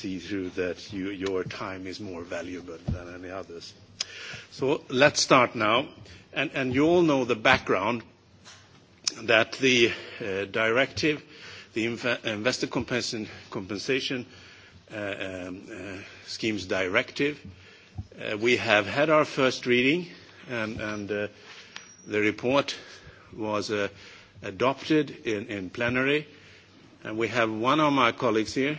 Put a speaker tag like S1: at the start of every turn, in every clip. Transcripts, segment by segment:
S1: see through that your time is more valuable than any others. So let's start now. And, you all know the background that the uh, directive, the investor compensation, uh, um, uh, schemes directive, we have had our first reading and, the report was adopted in, in plenary. And we have one of my colleagues here,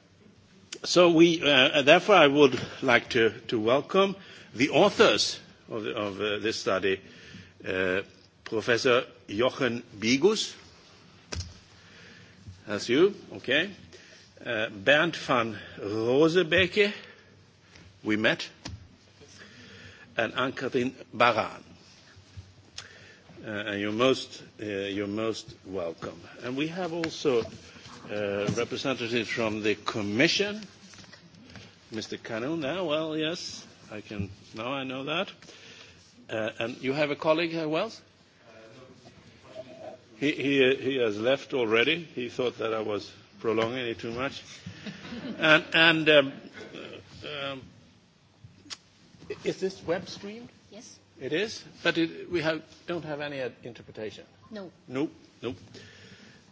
S1: So we, uh, therefore, I would like to, welcome the authors of, uh, this study, uh, Professor Jochen Bigus. That's you, okay. Bernd van Rosebeke, we met, and Ann-Kathrin Baran. and you're most, you're most welcome. And we have also Uh, representative from the Commission. Mr. Cano now, well, yes, I can, now I know that. Uh, and you have a colleague, here uh, Wells? He, he, he has left already. He thought that I was prolonging it too much. and and um, uh, um, is this web streamed? Yes. It is, but it, we have, don't have any interpretation. No. Nope, nope.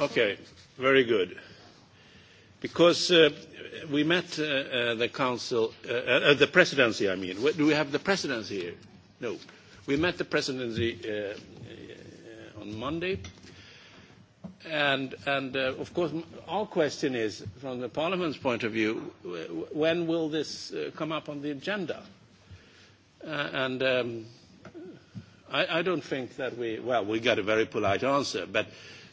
S1: Okay, very good. Because uh, we met uh, uh, the council, uh, uh, the presidency, I mean. Do we have the presidency here? No. We met the presidency uh, on Monday. And, and of course, our question is, from the parliament's point of view, when will this come up on the agenda? And um, I, I don't think that we... Well, we got a very polite answer, but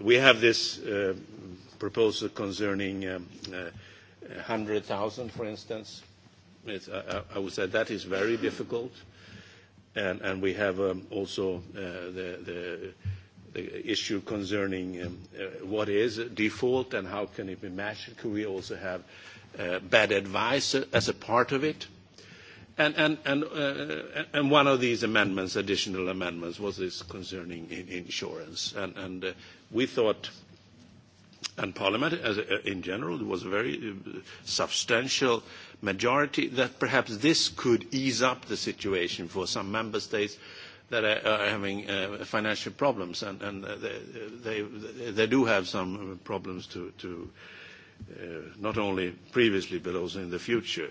S1: We have this uh, proposal concerning um, 100,000, uh, for instance. I, would say that is very difficult. we have um, also uh, the, issue concerning um, what is default and how can it be matched. Could we also have bad advice as a part of it? Uh, and, one of these amendments, additional amendments, was this concerning insurance. And uh, we thought, and Parliament in general, there was a very uh, substantial majority that perhaps this could ease up the situation for some member states that are having financial problems, and, they, do have some problems to, not only previously, but also in the future.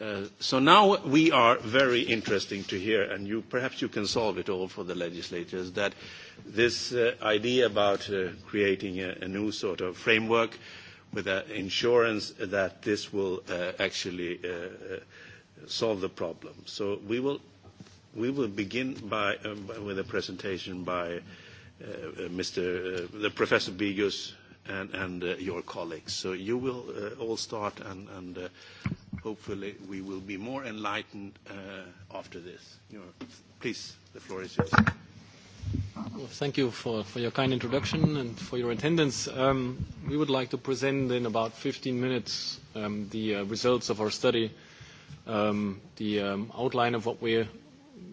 S1: Uh, so now we are very interesting to hear, and you, perhaps you can solve it all for the legislators, that this uh, idea about uh, creating a, a new sort of framework with an insurance that this will uh, actually uh, uh, solve the problem. So we will, we will begin by, um, with a presentation by uh, Mr. Uh, the Professor Bigus and, and uh, your colleagues. So you will uh, all start and, and uh, hopefully we will be more enlightened uh, after this. please, the floor is yours. Well, thank you for,
S2: your kind introduction and for your attendance. Um, we would like to present in about 15 minutes um, the uh, results of our study. Um, the outline of what we're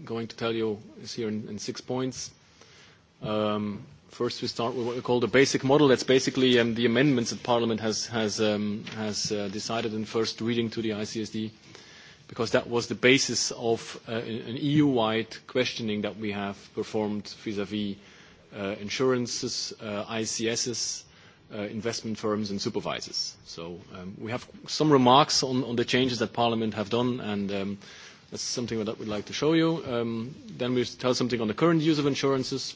S2: going to tell you is here in, six points. First, we start with what we call the basic model. That's basically um, the amendments that Parliament has, has, um, has uh, decided in first reading to the ICSD, because that was the basis of uh, an EU-wide questioning that we have performed vis-à-vis -vis, uh, insurances, uh, ICSs, uh, investment firms, and supervisors. So um, we have some remarks on, on the changes that Parliament have done, and um, that's something that we'd like to show you. Um, then we'll tell something on the current use of insurances,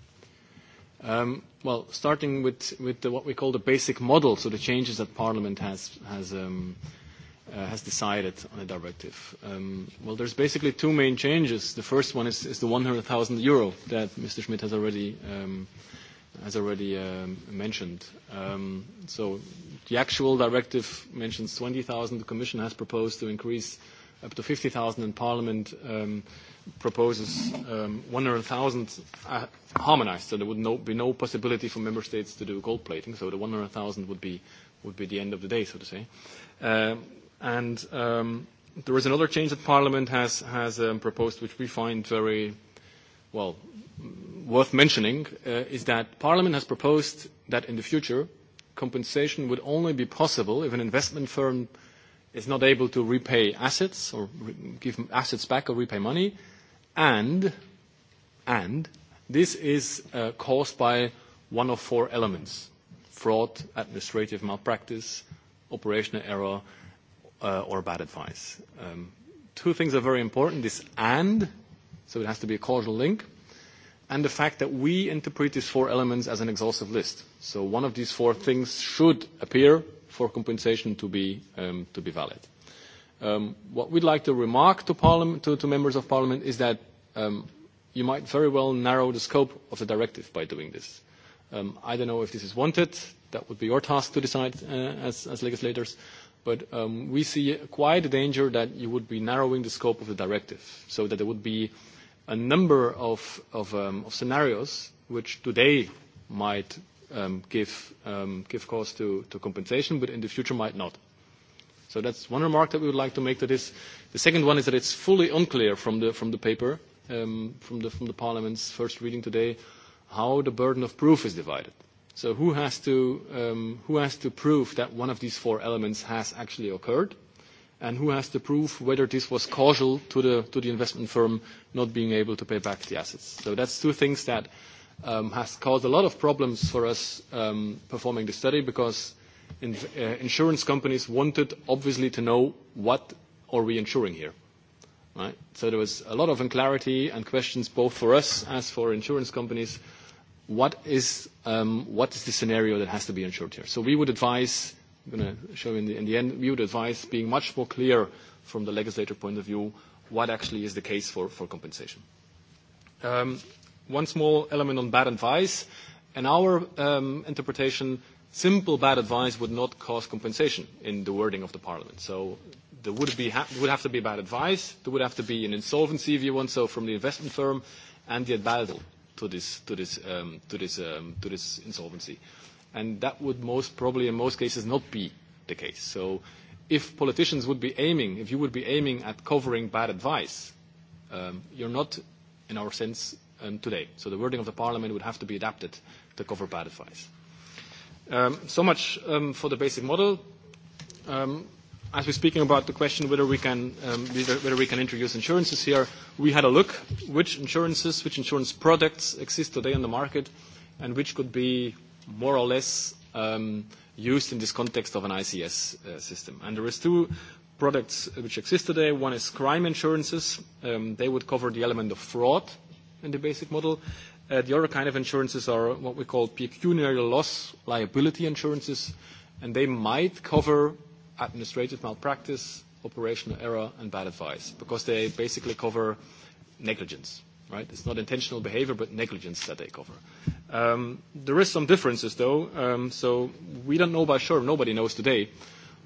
S2: Um, well, starting with, what we call the basic model, so the changes that Parliament has, um, uh, decided on a directive. Um, well, there's basically two main changes. The first one is, the the 100,000 euro that Mr. Schmidt has already, mentioned. so the actual directive mentions 20,000. The Commission has proposed to increase up to 50,000 and Parliament proposes um, 100,000 uh, harmonized, so there would no, be no possibility for member states to do gold plating. So the 100,000 would be would be the end of the day, so to say. Um, and um, there is another change that Parliament has has um, proposed, which we find very well worth mentioning, uh, is that Parliament has proposed that in the future compensation would only be possible if an investment firm is not able to repay assets or re- give assets back or repay money and and this is uh, caused by one of four elements: fraud, administrative malpractice, operational error, uh, or bad advice. Um, two things are very important: this and, so it has to be a causal link, and the fact that we interpret these four elements as an exhaustive list. So one of these four things should appear for compensation to be um, to be valid. Um, what we'd like to remark to, parliament, to, to members of parliament is that um, you might very well narrow the scope of the directive by doing this. Um, I don't know if this is wanted. That would be your task to decide uh, as, as legislators. But um, we see quite a danger that you would be narrowing the scope of the directive so that there would be a number of, of, um, of scenarios which today might um, give, um, give cause to, to compensation, but in the future might not. So that's one remark that we would like to make to this. The second one is that it's fully unclear from the, from the paper, um, from, the, from the Parliament's first reading today, how the burden of proof is divided. So who has to, um, who has to prove that one of these four elements has actually occurred? and who has to prove whether this was causal to the, to the investment firm not being able to pay back the assets. So that's two things that um, has caused a lot of problems for us um, performing the study because Uh, insurance companies wanted, obviously, to know what are we insuring here, right? So there was a lot of unclarity and questions both for us as for insurance companies. What is, um, what is the scenario that has to be insured here? So we would advise, I'm going to show in the, in the end, we would advise being much more clear from the legislator point of view what actually is the case for, for compensation. Um, one small element on bad advice. In our um, interpretation, simple bad advice would not cause compensation in the wording of the parliament. So there would, be ha- would have to be bad advice, there would have to be an insolvency, if you want so, from the investment firm and the advisor to this, to this, um, to this, um, to this insolvency. And that would most probably, in most cases, not be the case. So if politicians would be aiming, if you would be aiming at covering bad advice, um, you're not, in our sense, um, today. So the wording of the parliament would have to be adapted to cover bad advice. Um, so much um, for the basic model. Um, as we're speaking about the question whether we can whether we can introduce insurances here, we had a look which insurances, which insurance products exist today on the market, and which could be more or less um, used in this context of an ICS uh, system. And there is two products which exist today. One is crime insurances. Um, they would cover the element of fraud in the basic model, Uh, the other kind of insurances are what we call pecuniary loss liability insurances, and they might cover administrative malpractice, operational error, and bad advice because they basically cover negligence, right? It's not intentional behavior, but negligence that they cover. Um, there is some differences, though. Um, so we don't know for sure, nobody knows today,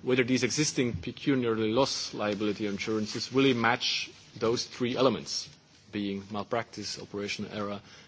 S2: whether these existing pecuniary loss liability insurances really match those three elements, being malpractice, operational error,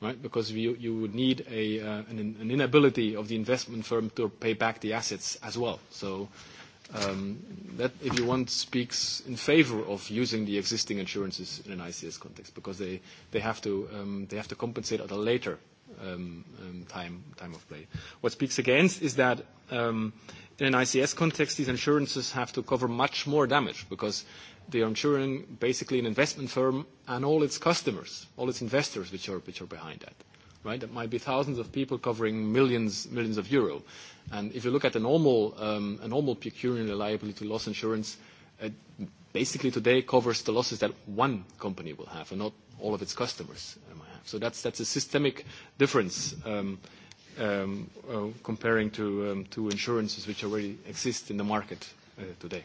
S2: right? Because you, would need uh, an, inability of the investment firm to pay back the assets as well. So um, that, if you want, speaks in favor of using the existing insurances in an ICS context because they, they, have, to, um, they have to compensate at a later um, time, time of play. What speaks against is that in an ICS context, these insurances have to cover much more damage because They are insuring basically an investment firm and all its customers, all its investors which are, which are behind that, right? That might be thousands of people covering millions, millions of euro. And if you look at a normal, um, a normal pecuniary liability loss insurance, it uh, basically today covers the losses that one company will have and not all of its customers might um, have. So that's, that's a systemic difference, um, uh, comparing to, to insurances which already exist in the market, uh, today.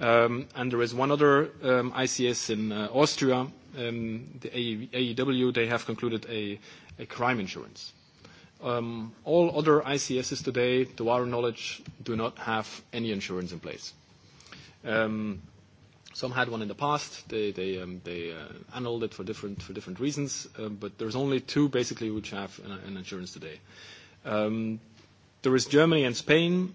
S2: Um, and there is one other um, ICS in uh, Austria, um, the AEW, e they have concluded a, crime insurance. All other ICSs today, to our knowledge, do not have any insurance in place. Some had one in the past. They, uh, annulled it for different, reasons, but there's only two basically which have an insurance today. There is Germany and Spain,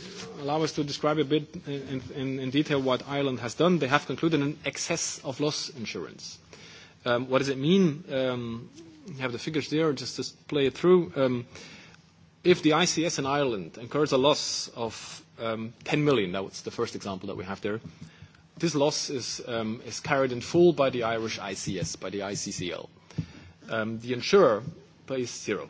S2: allow us to describe a bit in, detail what Ireland has done. They have concluded an excess of loss insurance. Um, what does it mean? Um, you have the figures there, just to play it through. Um, if the ICS in Ireland incurs a loss of 10 million, that was the first example that we have there, this loss is, is carried in full by the Irish ICS, by the ICCL. the insurer pays zero.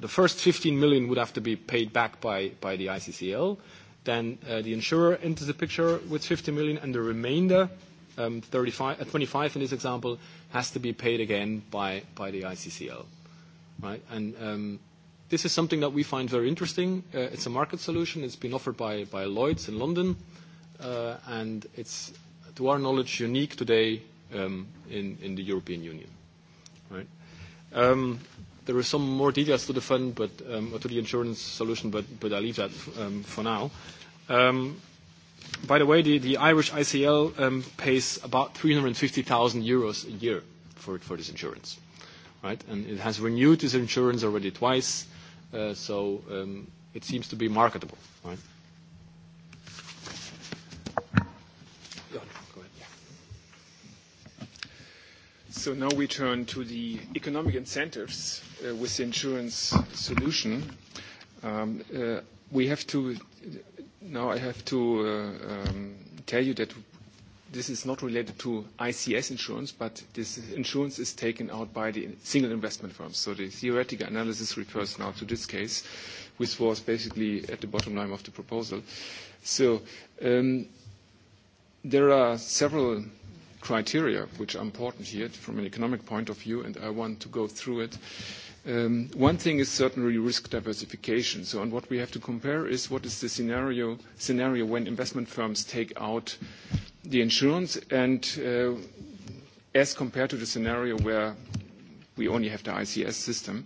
S2: the first 15 million would have to be paid back by, the ICCL. Then uh, the insurer enters the picture with 50 million, and the remainder, um, 35, 25 uh, in this example, has to be paid again by, the ICCL. Right? And um, this is something that we find very interesting. Uh, it's a market solution. It's been offered by, Lloyd's in London, and it's, to our knowledge, unique today um, in, the European Union. Right? Um, There are some more details to the fund, but um, to the insurance solution, but I leave that um, for now. Um, by the way, the, Irish ICL pays about 350,000 euros a year for this insurance, right? And it has renewed this insurance already twice, uh, so it seems to be marketable, right?
S3: So now we turn to the economic incentives uh, with the insurance solution. Um, uh, we have to now I have to uh, um, tell you that this is not related to ICS insurance, but this insurance is taken out by the single investment firms. So the theoretical analysis refers now to this case, which was basically at the bottom line of the proposal. So um, there are several criteria which are important here from an economic point of view, and I want to go through it. Um, one thing is certainly risk diversification. So, and what we have to compare is what is the scenario, scenario when investment firms take out the insurance and uh, as compared to the scenario where we only have the ICS system.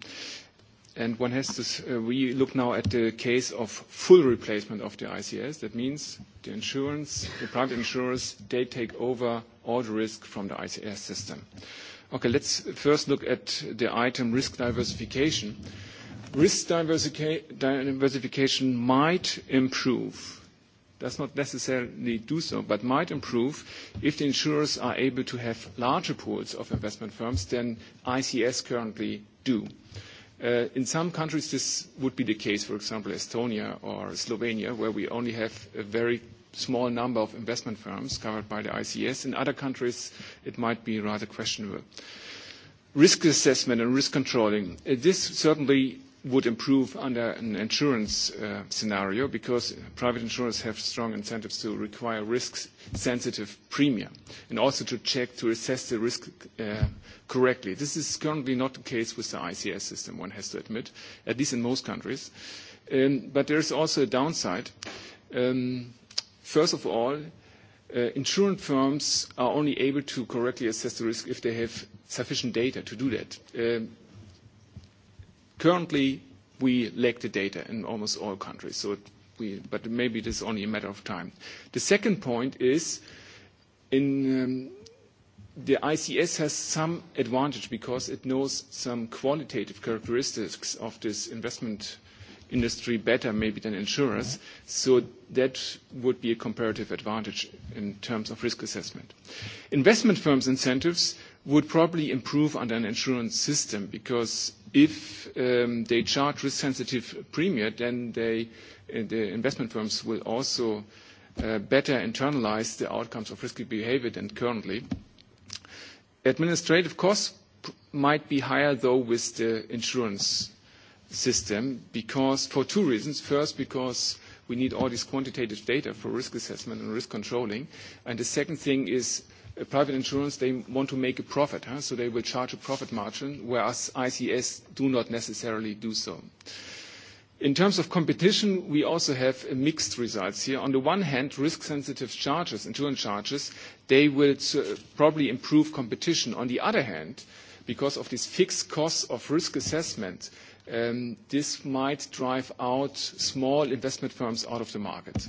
S3: And one has to, uh, we look now at the case of full replacement of the ICS. That means the insurance, the private insurers, they take over all the risk from the ICS system. Okay, let's first look at the item risk diversification. Risk diversification might improve, does not necessarily do so, but might improve if the insurers are able to have larger pools of investment firms than ICS currently do. Uh, in some countries, this would be the case, for example, Estonia or Slovenia, where we only have a very small number of investment firms covered by the ICS. In other countries, it might be rather questionable. Risk assessment and risk controlling. Uh, this certainly would improve under an insurance uh, scenario because private insurers have strong incentives to require risk-sensitive premium and also to check, to assess the risk uh, correctly. This is currently not the case with the ICS system, one has to admit, at least in most countries. Um, but there is also a downside. Um, first of all, uh, insurance firms are only able to correctly assess the risk if they have sufficient data to do that. Um, Currently, we lack the data in almost all countries, so we, but maybe it is only a matter of time. The second point is in um, the ICS has some advantage because it knows some qualitative characteristics of this investment industry better maybe than insurers. So that would be a comparative advantage in terms of risk assessment. Investment firms' incentives would probably improve under an insurance system because if um, they charge risk-sensitive premium, then uh, the investment firms will also uh, better internalize the outcomes of risky behavior than currently. Administrative costs might be higher, though, with the insurance system because for two reasons. First, because we need all this quantitative data for risk assessment and risk controlling. and The second thing is private insurance, they want to make a profit, huh? so they will charge a profit margin, whereas ICS do not necessarily do so. In terms of competition, we also have mixed results here. On the one hand, risk-sensitive charges, insurance charges, they will uh, probably improve competition. On the other hand, because of this fixed cost of risk assessment, um, this might drive out small investment firms out of the market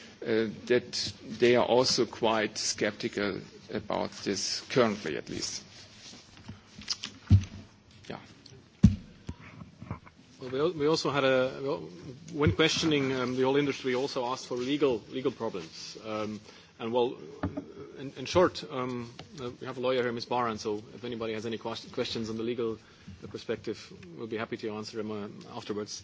S3: Uh, that they are also quite skeptical about this currently, at least.
S2: Yeah. we also had a when questioning um, the whole industry, also asked for legal legal problems. Um, and well, in, short, um, uh, we have a lawyer here, Ms. Baran, so if anybody has any questions on the legal perspective, we'll be happy to answer them uh, afterwards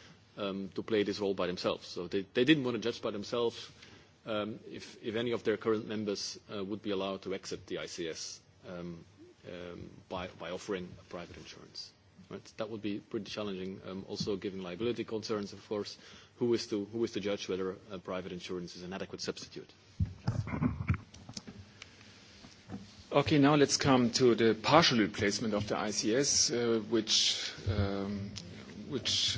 S2: um, to play this role by themselves. So they, they didn't want to judge by themselves um, if, if any of their current members uh, would be allowed to exit the ICS um, um, by, by offering a private insurance. Right? That would be pretty challenging, um, also given liability concerns, of course. Who is to, who is to judge whether a private insurance is an adequate substitute?
S3: Okay, now let's come to the partial replacement of the ICS, uh, which, um, which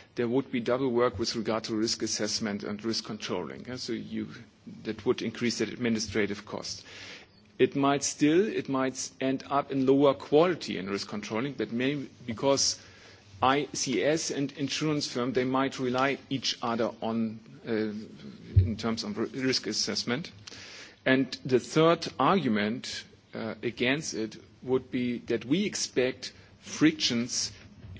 S3: there would be double work with regard to risk assessment and risk controlling. So that would increase the administrative cost. It might still it might end up in lower quality in risk controlling, but maybe because ICS and insurance firm, they might rely each other on uh, in terms of risk assessment. And the third argument uh, against it would be that we expect frictions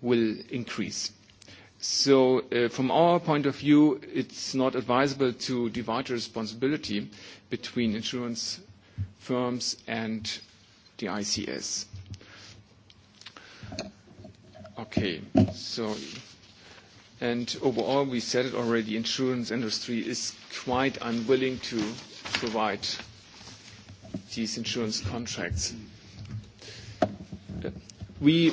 S3: will increase. So uh, from our point of view, it's not advisable to divide the responsibility between insurance firms and the ICS. Okay, so and overall, we said it already, insurance industry is quite unwilling to provide these insurance contracts. We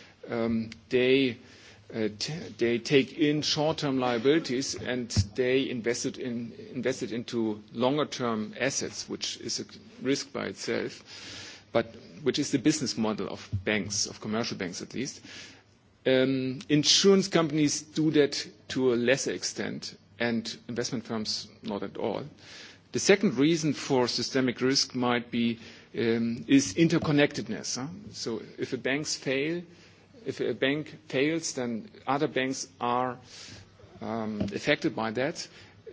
S3: Um, uh, they take in short-term liabilities and they invest it into longer-term assets, which is a risk by itself, but which is the business model of banks, of commercial banks at least. Um, insurance companies do that to a lesser extent, and investment firms not at all. The second reason for systemic risk might be um, is interconnectedness. So if a banks fail, if a bank fails, then other banks are um, affected by that.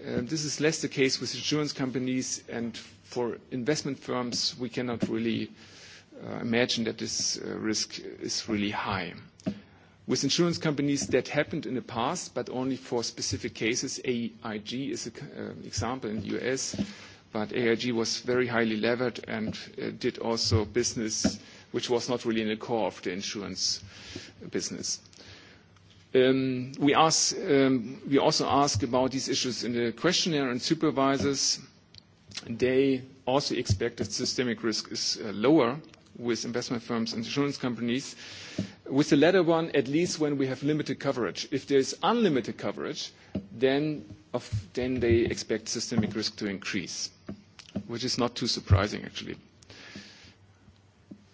S3: Uh, this is less the case with insurance companies, and for investment firms, we cannot really uh, imagine that this uh, risk is really high. With insurance companies, that happened in the past, but only for specific cases. AIG is an uh, example in the U.S., but AIG was very highly levered and uh, did also business which was not really in the core of the insurance business. Um, um, we, also ask about these issues in the questionnaire and supervisors. They also expect that systemic risk is uh, lower with investment firms and insurance companies. With the latter one, at least when we have limited coverage. If there is unlimited coverage, then they expect systemic risk to increase, which is not too surprising, actually.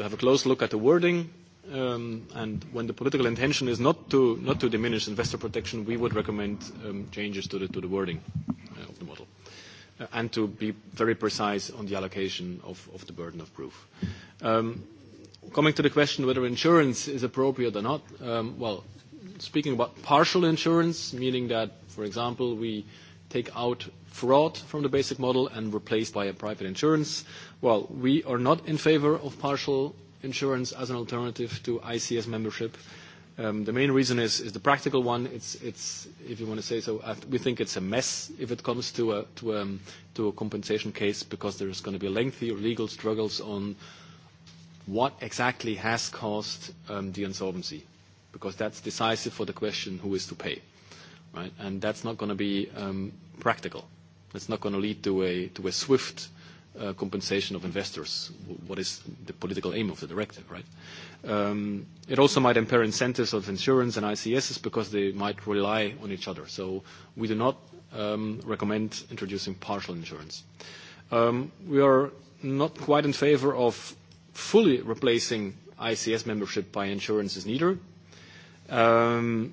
S2: to have a close look at the wording. Um, and when the political intention is not to, not to diminish investor protection, we would recommend um, changes to the, to the wording uh, of the model uh, and to be very precise on the allocation of, of the burden of proof. Um, coming to the question whether insurance is appropriate or not, um, well, speaking about partial insurance, meaning that, for example, we take out fraud from the basic model and replaced by a private insurance. Well, we are not in favor of partial insurance as an alternative to ICS membership. Um, the main reason is, the practical one. It's, if you want to say so, we think it's a mess if it comes to a, um, compensation case because there is going to be lengthy legal struggles on what exactly has caused um, the insolvency, because that's decisive for the question who is to pay right? And that's not gonna be um, practical. That's not gonna lead to a, to a swift uh, compensation of investors, what is the political aim of the directive, right? Um, it also might impair incentives of insurance and ICSs because they might rely on each other. So we do not um, recommend introducing partial insurance. Um, we are not quite in favor of fully replacing ICS membership by insurances neither. Um,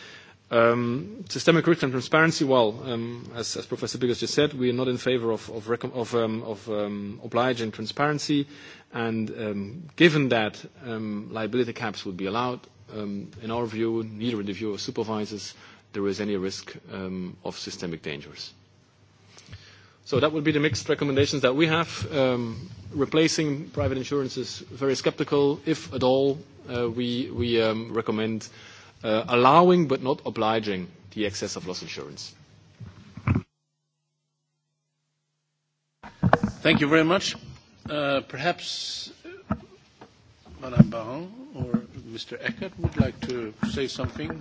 S2: Um, systemic risk and transparency, well, um, as, as Professor Biggers just said, we are not in favor of, of, of, um, of um, obliging transparency. And um, given that um, liability caps would be allowed, in our view, neither in the view of supervisors, there is any risk of systemic dangers. So that would be the mixed recommendations that we have. Replacing private insurance is very skeptical. If at all, uh, we, we recommend Uh, allowing but not obliging the excess of loss insurance.
S1: Thank you very much. Uh, perhaps uh, Madame Baron or Mr. Eckert would like to say something.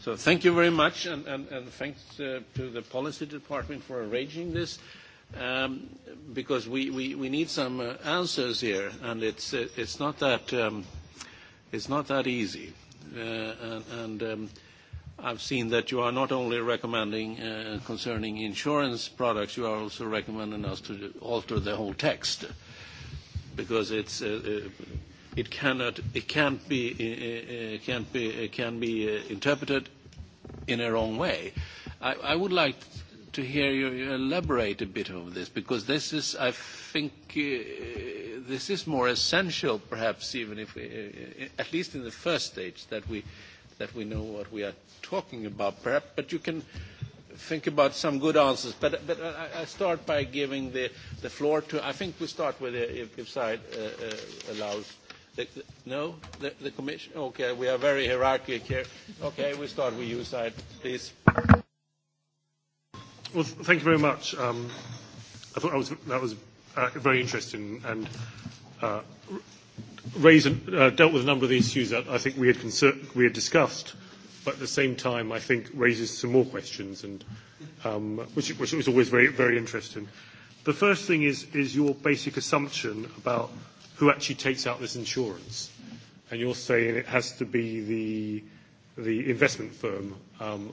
S1: So thank you very much, and, and, and thanks uh, to the policy department for arranging this. Um, because we, we, need some uh, answers here, and it's, uh, it's, not, that, um, it's not that easy. Uh, and, um, I've seen that you are not only recommending concerning insurance products, you are also recommending us to alter the whole text because it's, it, cannot, it can't be, can't be, it can be interpreted in a wrong way. I would like to hear you elaborate a bit on this, because this is, I think, uh, this is more essential, perhaps, even if uh, at least in the first stage, that we, that we know what we are talking about, perhaps. But you can think about some good answers. But, but I, I start by giving the, the floor to, I think we start with, the, uh, if, if side uh, allows, The, the, no? The, the commission? Okay, we are very hierarchic here. Okay, we start with you,
S4: side, please. Well, thank you very much. Um, I thought that was, that was uh, very interesting and uh, raised uh, dealt with a number of the issues that I think we had, we had discussed, but at the same time, I think raises some more questions, and um, which, which was always very, very interesting. The first thing is, is your basic assumption about who actually takes out this insurance, and you're saying it has to be the the investment firm um,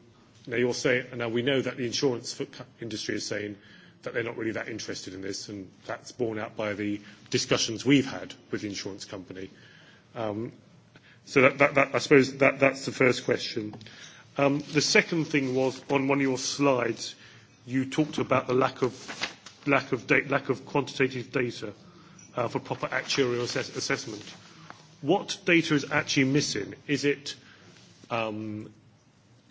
S4: Now you're saying, and now we know that the insurance industry is saying that they're not really that interested in this, and that's borne out by the discussions we've had with the insurance company. Um, so that, I suppose that's the first question. Um, the second thing was on one of your slides, you talked about the lack of, quantitative data uh, for proper actuarial assessment. What data is actually missing? Is it um,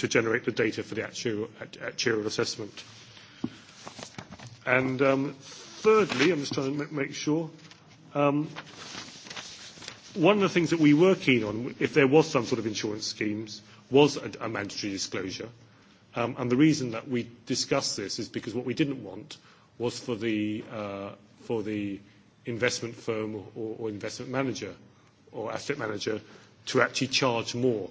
S4: to generate the data for the actual, actuarial assessment. And um, thirdly, I'm just trying to make sure, um, one of the things that we were keen on, if there was some sort of insurance schemes, was a, a mandatory disclosure. Um, and the reason that we discussed this is because what we didn't want was for the, uh, for the investment firm or, or investment manager or asset manager to actually charge more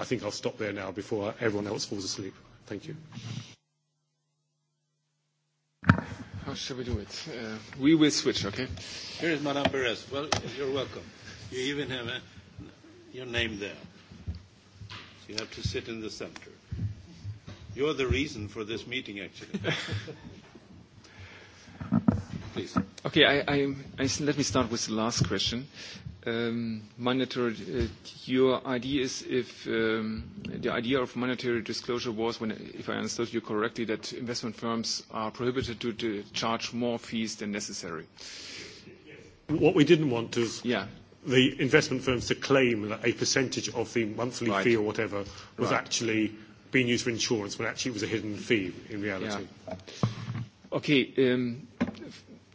S4: I think I'll stop there now before everyone else falls asleep. Thank you.
S1: How shall we do it? Uh,
S4: we will switch, okay?
S1: Here is Madame Perez. Well, you're welcome. You even have a, your name there. So you have to sit in the center. You're the reason for this meeting, actually.
S3: please. Okay, I, I, I, let me start with the last question. Um, uh, your idea is if um, the idea of monetary disclosure was, when, if I understood you correctly, that investment firms are prohibited to,
S4: to charge more fees than necessary. What we didn't want is yeah. the investment firms to claim that a percentage of the monthly right. fee or whatever was right. actually being used for insurance, when actually it was a hidden fee in reality. Yeah.
S3: Okay. Um,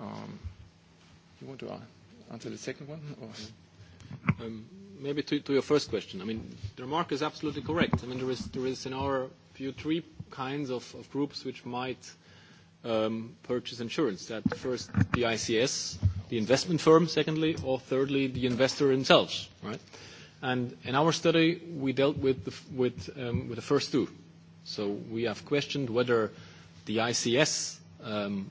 S3: Um,
S2: you want to uh, answer the second one? Or? Um, maybe to, to your first question. I mean, the remark is absolutely correct. I mean, there is, there is in our view three kinds of, of groups which might um, purchase insurance. That first, the ICS, the investment firm, secondly, or thirdly, the investor himself, right? And in our study, we dealt with the, with, um, with the first two. So we have questioned whether the ICS um,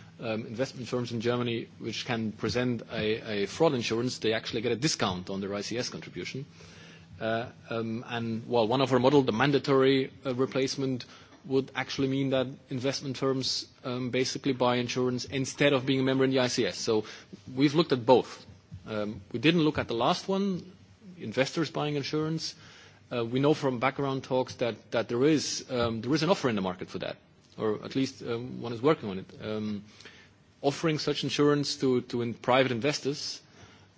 S2: Um, investment firms in Germany which can present a, fraud insurance, they actually get a discount on their ICS contribution. Uh, um, and well, one of our model, the mandatory uh, replacement, would actually mean that investment firms um, basically buy insurance instead of being a member in the ICS. So we've looked at both. we didn't look at the last one, investors buying insurance. Uh, we know from background talks that, there, is, there is an offer in the market for that, or at least one is working on it offering such insurance to, private investors,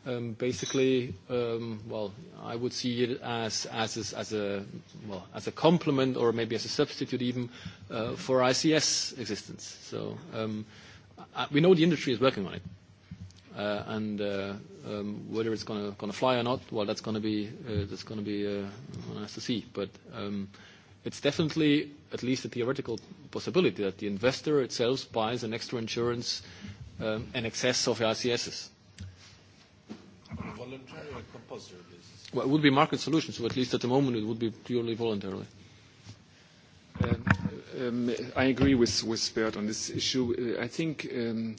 S2: um, basically, um, well, I would see it as, a, complement or maybe as a substitute even uh, for ICS existence. So um, we know the industry is working on it. Uh, and uh, whether it's going to fly or not, well, that's going to be, gonna be one has to see. But it's definitely at least a theoretical possibility that the investor itself buys an extra insurance um, in excess of the ICSs.
S1: Voluntary or compulsory basis?
S2: Well, it would be market solutions, so at least at the moment it would be purely
S3: voluntarily. Um, um, I agree with, with Bert on this issue. Uh, I think um,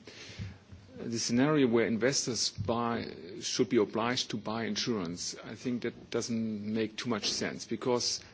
S3: the scenario where investors buy, should be obliged to buy insurance, I think that doesn't make too much sense because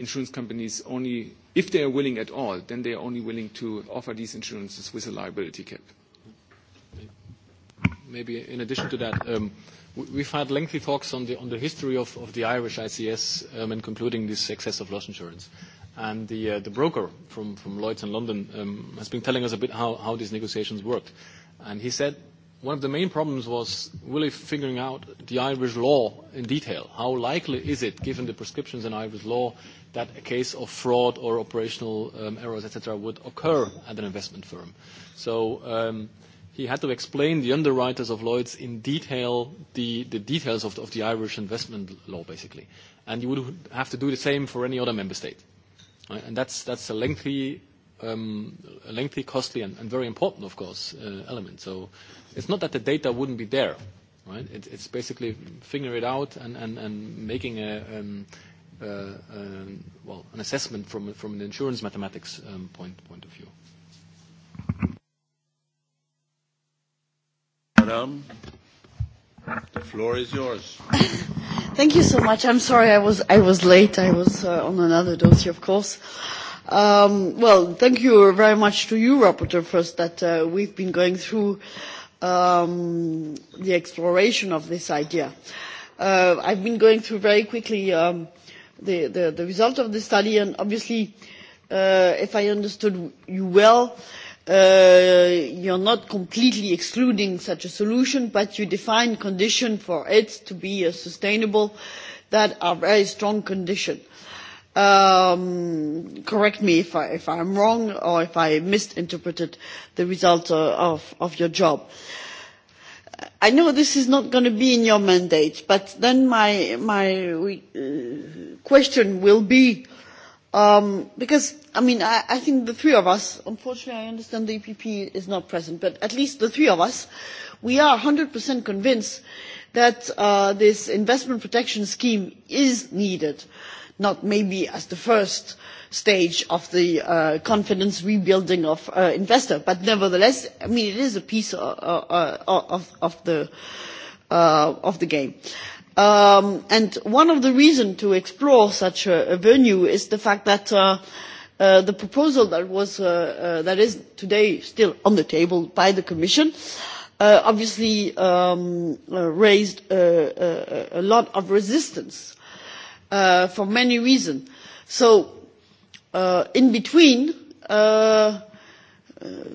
S3: insurance companies only, if they are willing at all, then they are only
S2: willing to offer these insurances with a liability cap. Maybe in addition to that, um, we've had lengthy talks on the, on the history of, of the Irish ICS um, and concluding this excess of loss insurance. And the, uh, the broker from, from Lloyd's in London um, has been telling us a bit how, how these negotiations worked. And he said one of the main problems was really figuring out the Irish law in detail. How likely is it, given the prescriptions in Irish law, that a case of fraud or operational um, errors, etc., would occur at an investment firm? So um, he had to explain the underwriters of Lloyd's in detail the, the details of the, of the Irish investment law, basically. And you would have to do the same for any other member state. Right? And that's, that's a lengthy Um, lengthy, costly, and, very important, of course, uh, element. So it's not that the data wouldn't be there, right? it's basically figuring it out and, and, and making a, um, uh, um, well, an assessment from, from an insurance mathematics point, point of view.
S1: Madam, the floor is yours.
S5: Thank you so much. I'm sorry I was, I was late. I was uh, on another dossier, of course. Um, well, thank you very much to you, Rapporteur, first that uh, we've been going through um, the exploration of this idea. Uh, I've been going through very quickly um, the, the, the result of the study, and obviously, uh, if I understood you well, uh, you're not completely excluding such a solution, but you define conditions for it to be a sustainable that are very strong conditions um, correct me if, I, if I'm wrong or if I misinterpreted the result uh, of, of your job. I know this is not going to be in your mandate, but then my, my uh, question will be, um, because, I mean, I, I think the three of us, unfortunately I understand the EPP is not present, but at least the three of us, we are 100% convinced that uh, this investment protection scheme is needed. Uh, not maybe as the first stage of the uh, confidence rebuilding of uh, investors but nevertheless I mean, it is a piece of, uh, uh, uh, of, of, the, uh, of the game. Um, and one of the reasons to explore such a, a venue is the fact that Uh, the proposal that, was, uh, uh, that is today still on the table by the commission obviously um, raised a lot of resistance uh, for many reasons. So, uh, in between, uh,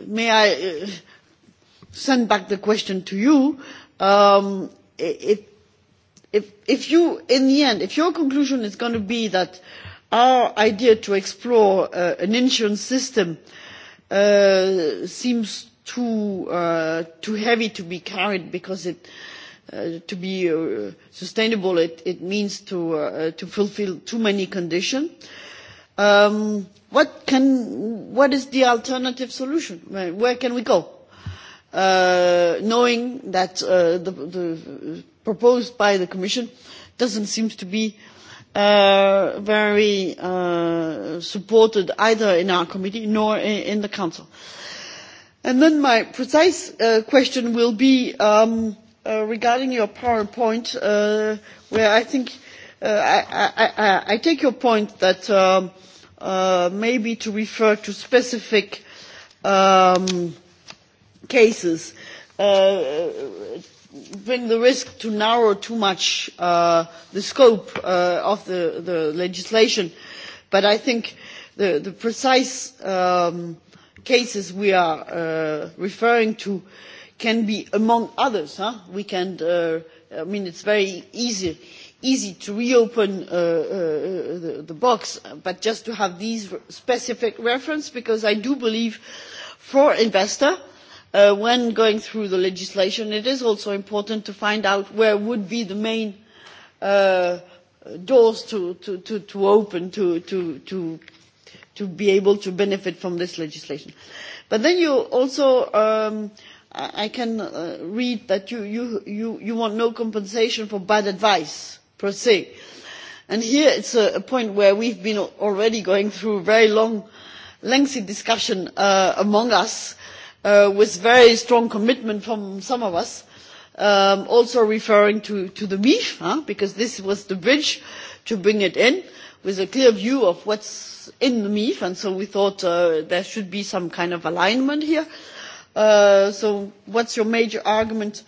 S5: may I uh, send back the question to you? Um, if, if, if you, in the end, if your conclusion is going to be that our idea to explore uh, an insurance system uh, seems too, uh, too heavy to be carried because it uh, Uh, to be uh, sustainable, it, it means to, uh, uh, to fulfill too many conditions. Um, what, can, what is the alternative solution? Where, can we go? Uh, knowing that uh, the, the proposed by the Commission doesn't seem to be uh, very uh, supported either in our committee nor in, in the Council. And then my precise uh, question will be um, Uh, regarding your PowerPoint, uh, where I think uh, I, I, I take your point that um, uh, maybe to refer to specific um, cases uh, bring the risk to narrow too much uh, the scope uh, of the, the legislation. But I think the, the precise um, cases we are uh, referring to can be among others huh? we can uh, i mean it's very easy easy to reopen uh, uh, uh the, the box but just to have these specific references because i do believe for investors uh, when going through the legislation it is also important to find out where would be the main uh, doors to, to, to, to open to be able to benefit from this legislation. but then you also um, I can uh, read that you, you, you, you want no compensation for bad advice per se. And here it's a, a point where we've been already going through a very long, lengthy discussion uh, among us uh, with very strong commitment from some of us, um, also referring to, to the MIF, huh? because this was the bridge to bring it in with a clear view of what's in the MIF, and so we thought uh, there should be some kind of alignment here. Uh, Uh, so what's your major argument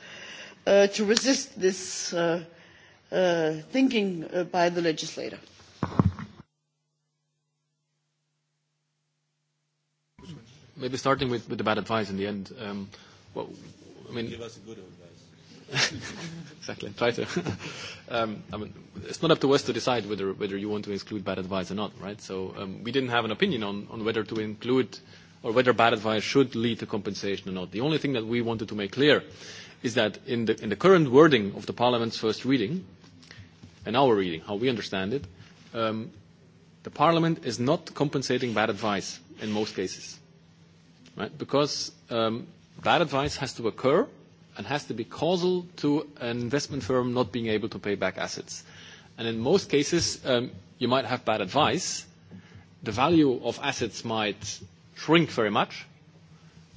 S5: uh, to resist this uh, uh, thinking uh, by the legislator?
S2: Maybe starting with, with the bad advice in the end. Um, what,
S1: I mean, give us a good advice.
S2: exactly. Try to. um, I mean, it's not up to us to decide whether whether you want to exclude bad advice or not, right? So um, we didn't have an opinion on, on whether to include or whether bad advice should lead to compensation or not. The only thing that we wanted to make clear is that in the, in the current wording of the Parliament's first reading, and our reading, how we understand it, um, the Parliament is not compensating bad advice in most cases, right? Because um, bad advice has to occur and has to be causal to an investment firm not being able to pay back assets. And in most cases, um, you might have bad advice. The value of assets might shrink very much.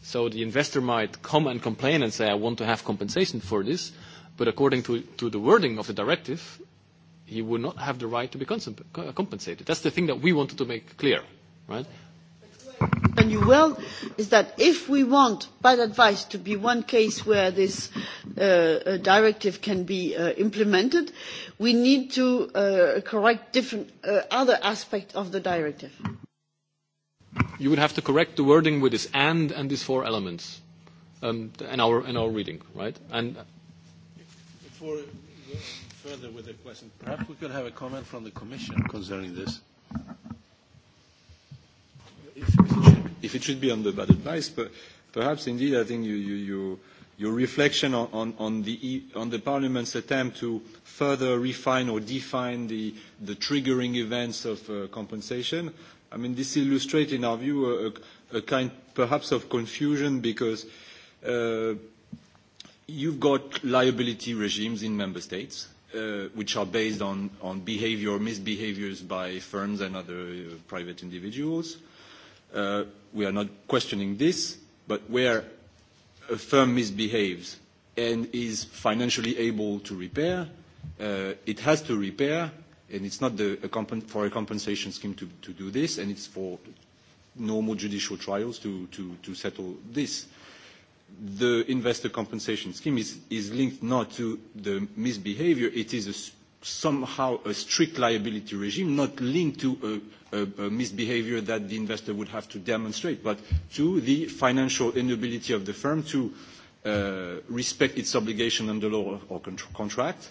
S2: So the investor might come and complain and say, I want to have compensation for this, but according to, to the wording of the directive, he would not have the right to be compensated. That's the thing that we wanted to make clear, right?
S5: And you well is that if we want bad advice to be one case where this uh, uh directive can be uh, implemented, we need to uh, correct different uh, other aspects of the directive
S2: you would have to correct the wording with this and and these four elements um, in, our, in our reading, right? And uh,
S1: Before we go further with the question, perhaps we could have a comment from the Commission concerning this. If, if, it, should, if it should be
S6: on the bad advice, but perhaps indeed I think you, you, you, your reflection on, on, on, the, e, on the Parliament's attempt to further refine or define the, the triggering events of uh, compensation I mean, this illustrates, in our view, a, a kind perhaps of confusion because uh, you've got liability regimes in member states, uh, which are based on, on behavior or misbehaviors by firms and other uh, private individuals. Uh, we are not questioning this, but where a firm misbehaves and is financially able to repair, uh, it has to repair And it's not for a compensation scheme to, do this, and it's for normal judicial trials to, settle this. The investor compensation scheme is, linked not to the misbehavior, it is somehow a strict liability regime, not linked to a, misbehaviour misbehavior that the investor would have to demonstrate, but to the financial inability of the firm to uh, respect its obligation under law or contract,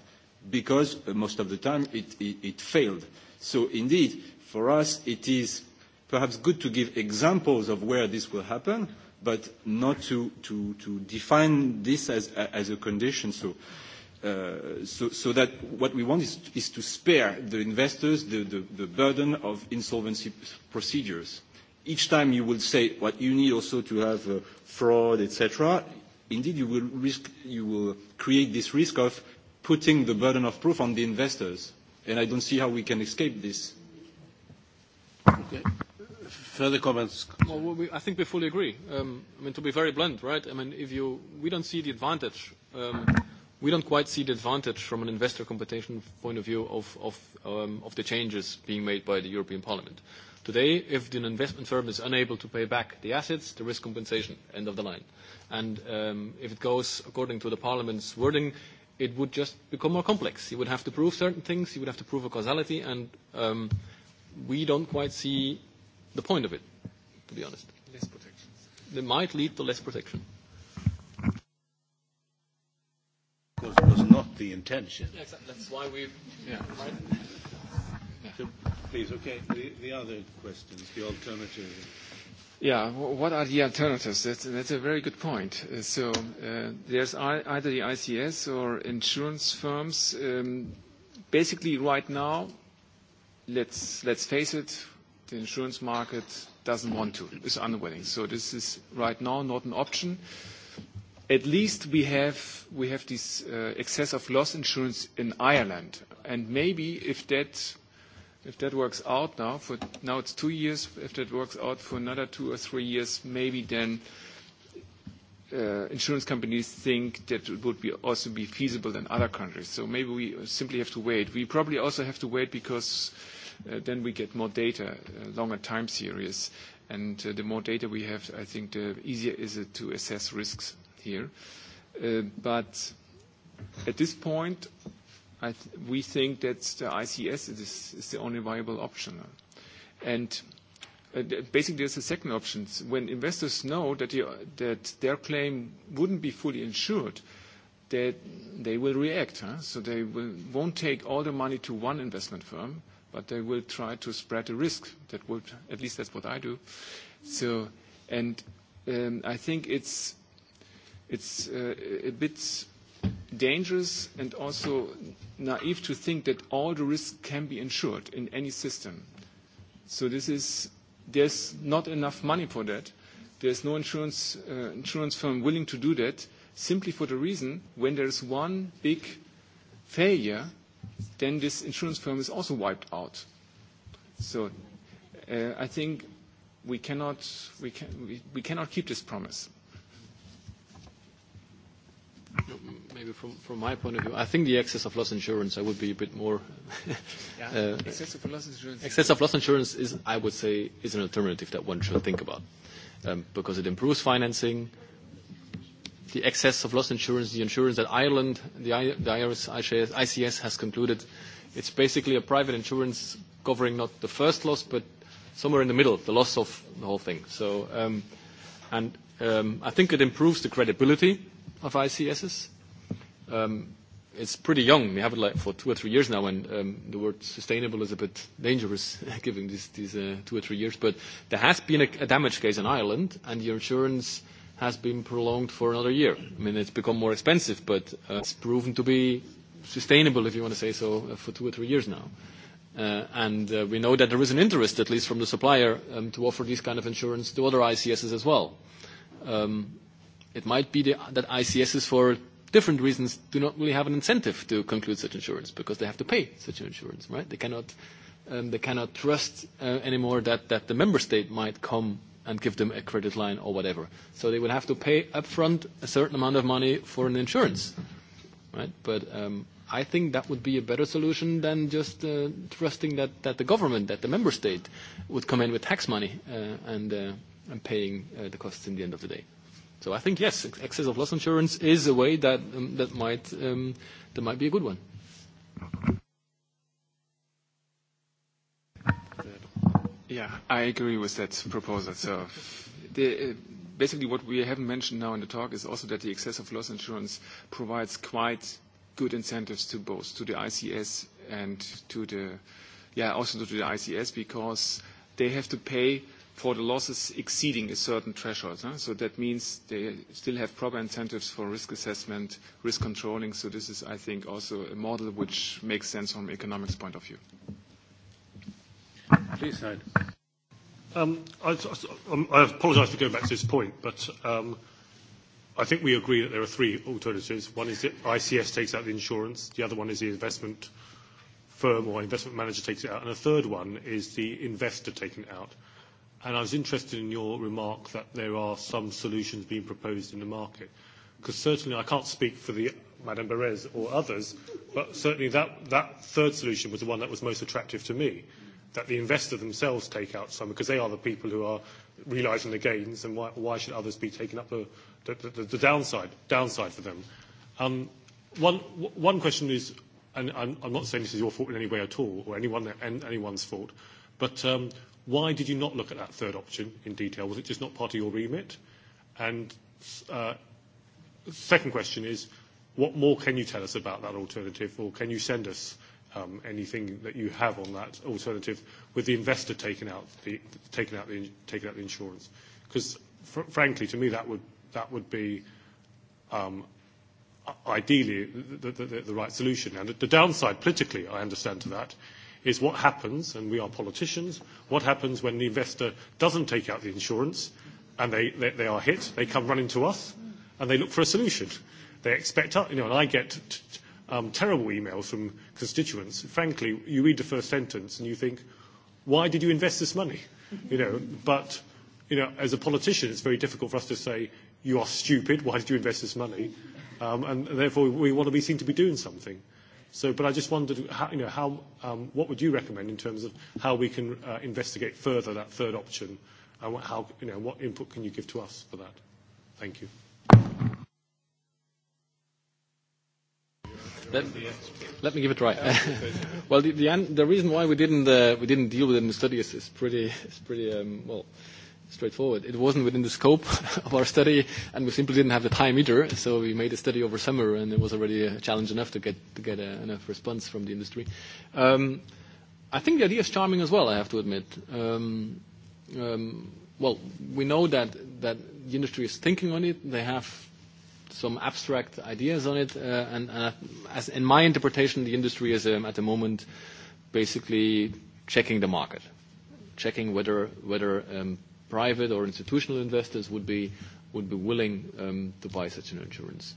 S6: because most of the time it, failed. So indeed, for us, it is perhaps good to give examples of where this will happen, but not to, define this as, a condition. Uh, so, that what we want is, to spare the investors the, burden of insolvency procedures. Each time you will say what you need also to have uh, fraud, etc., indeed you will create this risk of putting the burden of proof on the investors, and I don't see how we can escape
S1: this. Okay. Further comments?
S2: Well, I think we fully agree. Um, I mean, to be very blunt, right? I mean, if you, we don't see the advantage. Um, we don't quite see the advantage from an investor competition point of view of, of, um, of the changes being made by the European Parliament. Today, if an investment firm is unable to pay back the assets, the risk compensation, end of the line. And if it goes according to the Parliament's wording, it would just become more complex. You would have to prove certain things, you would have to prove a causality, and um, we don't quite see the point of it, to be honest. Less protection. They might lead to less protection.
S1: Because it was not the intention. Yeah, exactly. That's why we. Yeah. Right? yeah. So, please, okay, the, the other questions, the alternative.
S3: Yeah. What are the alternatives? That's, a very good point. Uh, uh, there's either the ICS or insurance firms. Um, basically, right now, let's, face it, the insurance market doesn't want to. It's unwilling. this is right now not an option. At least we have, this uh, excess of loss insurance in Ireland, and maybe if that If that works out now, for now it's two years. If that works out for another two or three years, maybe then uh, insurance companies think that it would be also be feasible in other countries. maybe we simply have to wait. We probably also have to wait because uh, then we get more data, uh, longer time series. the more data we have, I think the easier is it to assess risks here. at this point, we think that the ICS is, the only viable option. And uh, basically, there's a second option. When investors know that, their claim wouldn't be fully insured, they will react. So they won't take all the money to one investment firm, but they will try to spread the risk. at least that's what I do. So, and um, I think it's uh, a bit dangerous and also naive to think that all the risks can be insured in any system. So this is, there's not enough money for that. There's no insurance, uh, insurance firm willing to do that simply for the reason when there's one big failure, then this insurance firm is also wiped out. So uh, I think we cannot, we, can, we, we cannot keep this promise.
S2: Maybe from, from my point of view, I think the excess of loss insurance, I would be a bit more. yeah, uh, excess of loss insurance. Excess of loss insurance is, I would say, is an alternative that one should think about um, because it improves financing. The excess of loss insurance, the insurance that Ireland, the, I, the Irish ICS, has concluded, it's basically a private insurance covering not the first loss, but somewhere in the middle, the loss of the whole thing. So, um, and um, I think it improves the credibility of ICSs. Um, it's pretty young. We have it like for two or three years now, and um, the word sustainable is a bit dangerous given these, uh, two or three years. But there has been a, damage case in Ireland, and the insurance has been prolonged for another year. I mean, it's become more expensive, but uh, it's proven to be sustainable, if you want to say so, uh, for two or three years now. and we know that there is an interest, at least from the supplier, um, to offer these kind of insurance to other ICSs as well. It might be that ICSs, for different reasons, do not really have an incentive to conclude such insurance because they have to pay such an insurance, right? They cannot, um, they cannot trust uh, anymore that, that the member state might come and give them a credit line or whatever. So they will have to pay upfront a certain amount of money for an insurance, right? But um, I think that would be a better solution than just uh, trusting that, that the government, that the member state, would come in with tax money uh, and, uh, and paying uh, the costs in the end of the day. So I think, yes, excess of loss insurance is a way that, um, might, um, might be a good one.
S3: Yeah, I agree with that proposal. So the, uh, basically what we haven't mentioned now in the talk is also that the excess of loss insurance provides quite good incentives to both, to the ICS and to the, yeah, also to the ICS because they have to pay for the losses exceeding a certain threshold. So that means they still have proper incentives for risk assessment, risk controlling. So this is, I think, also a model which makes sense from economics point of view.
S4: Please, Hyde. Um, um, I, apologize for going back to this point, but um, I think we agree that there are three alternatives. One is that ICS takes out the insurance, the other one is the investment firm or investment manager takes it out, and a third one is the investor taking it out. And I was interested in your remark that there are some solutions being proposed in the market, because certainly I can't speak for the Madame Berès or others, but certainly that, that third solution was the one that was most attractive to me, that the investor themselves take out some, because they are the people who are realizing the gains, and why, why should others be taking up the, the, the, the downside, downside for them? Um, one, one question is, and I'm, I'm not saying this is your fault in any way at all, or anyone, anyone's fault, but um, Why did you not look at that third option in detail? Was it just not part of your remit? And uh, second question is, what more can you tell us about that alternative, or can you send us um, anything that you have on that alternative with the investor taking out the insurance? Because frankly, to me, that would be um, ideally the, the right solution. And the downside politically, I understand to that, is what happens, and we are politicians, what happens when the investor doesn't take out the insurance and they, they, they are hit, they come running to us and they look for a solution. They expect, us. you know, and I get t- um, terrible emails from constituents. Frankly, you read the first sentence and you think, why did you invest this money? You know, but, you know, as a politician, it's very difficult for us to say, you are stupid, why did you invest this money? Um, and therefore, we want to be seen to be doing something. So, but I just wondered, how, you know, how, um, what would you recommend in terms of how we can uh, investigate further that third option, and what, how, you know, what input can you give to us for that? Thank you.
S2: Let, let me give it a try. well, the, the, the reason why we didn't uh, we didn't deal with it in the study is, is pretty is pretty um, well straightforward. It wasn't within the scope of our study, and we simply didn't have the time either. So we made a study over summer, and it was already a challenge enough to get to get a, enough response from the industry. Um, I think the idea is charming as well. I have to admit. Um, um, well, we know that that the industry is thinking on it. They have some abstract ideas on it, uh, and, uh, as in my interpretation, the industry is um, at the moment basically checking the market, checking whether whether um, private or institutional investors would be would be willing um, to buy such an insurance.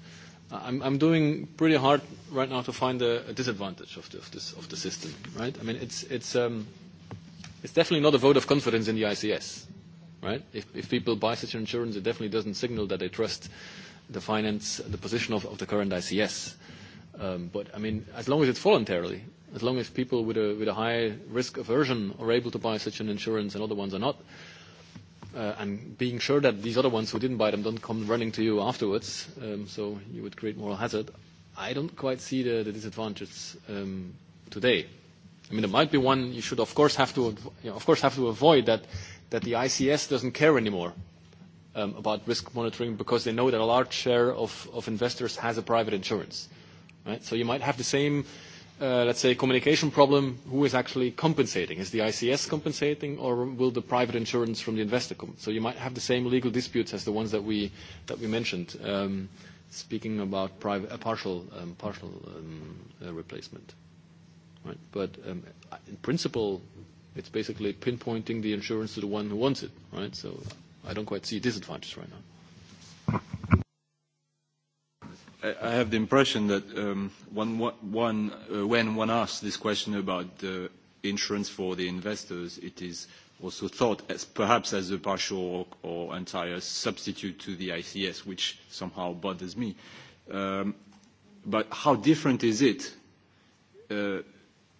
S2: Uh, I'm, I'm doing pretty hard right now to find a, a disadvantage of, the, of, this, of the system, right? I mean, it's, it's, um, it's definitely not a vote of confidence in the ICS, right? If, if people buy such an insurance, it definitely doesn't signal that they trust the finance, the position of, of the current ICS. Um, but I mean, as long as it's voluntarily, as long as people with a, with a high risk aversion are able to buy such an insurance and other ones are not, uh, and being sure that these other ones who didn't buy them don't come running to you afterwards, um, so you would create moral hazard. I don't quite see the, the disadvantages um, today. I mean, there might be one you should, of course, have to, you know, of course, have to avoid that, that the ICS doesn't care anymore um, about risk monitoring because they know that a large share of, of investors has a private insurance, right? So you might have the same Uh, let's say, communication problem, who is actually compensating? Is the ICS compensating, or will the private insurance from the investor come? So you might have the same legal disputes as the ones that we, that we mentioned, um, speaking about private, partial, um, partial um, uh, replacement. Right? But um, in principle, it's basically pinpointing the insurance to the one who wants it, right? So I don't quite see a disadvantage right now.
S6: I have the impression that um, one, one, uh, when one asks this question about uh, insurance for the investors, it is also thought as perhaps as a partial or, or entire substitute to the ICS, which somehow bothers me. Um, but how different is it uh,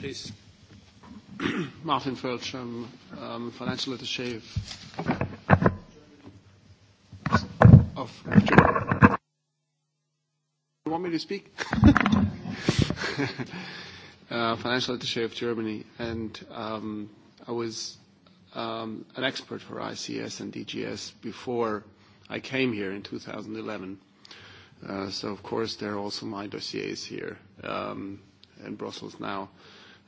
S7: Please. Martin Feldstrom, um, financial attaché
S1: of, Germany. You want me to speak?
S3: uh,
S7: financial attaché of Germany, and um, I was um, an expert for ICS and DGS before I came here in 2011. Uh, so of course there are also my dossiers here um, in Brussels now.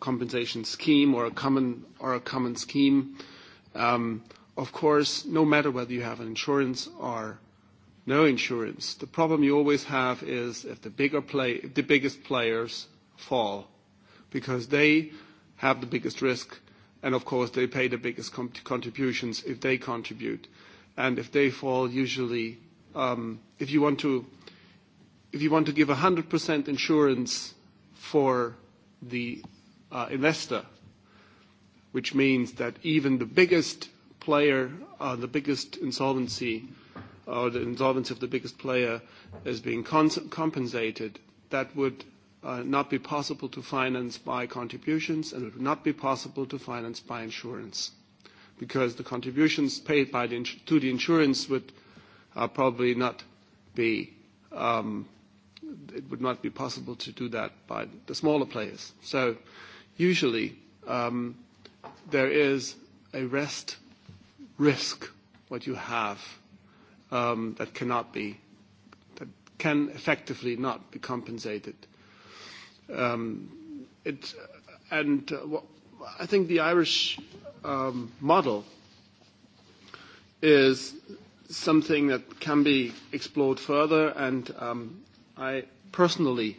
S7: compensation scheme or a common, or a common scheme. Um, of course, no matter whether you have an insurance or no insurance, the problem you always have is if the, bigger play, the biggest players fall because they have the biggest risk and of course they pay the biggest contributions if they contribute. And if they fall, usually, um, if you want to, if you want to give 100% insurance for the Uh, investor, which means that even the biggest player, uh, the biggest insolvency, or the insolvency of the biggest player is being compensated. That would uh, not be possible to finance by contributions, and it would not be possible to finance by insurance, because the contributions paid by the to the insurance would uh, probably not be um, it would not be possible to do that by the smaller players. So usually um, there is a rest risk, what you have, um, that cannot be, that can effectively not be compensated. Um, it, and uh, well, I think the Irish um, model is something that can be explored further, and um, I personally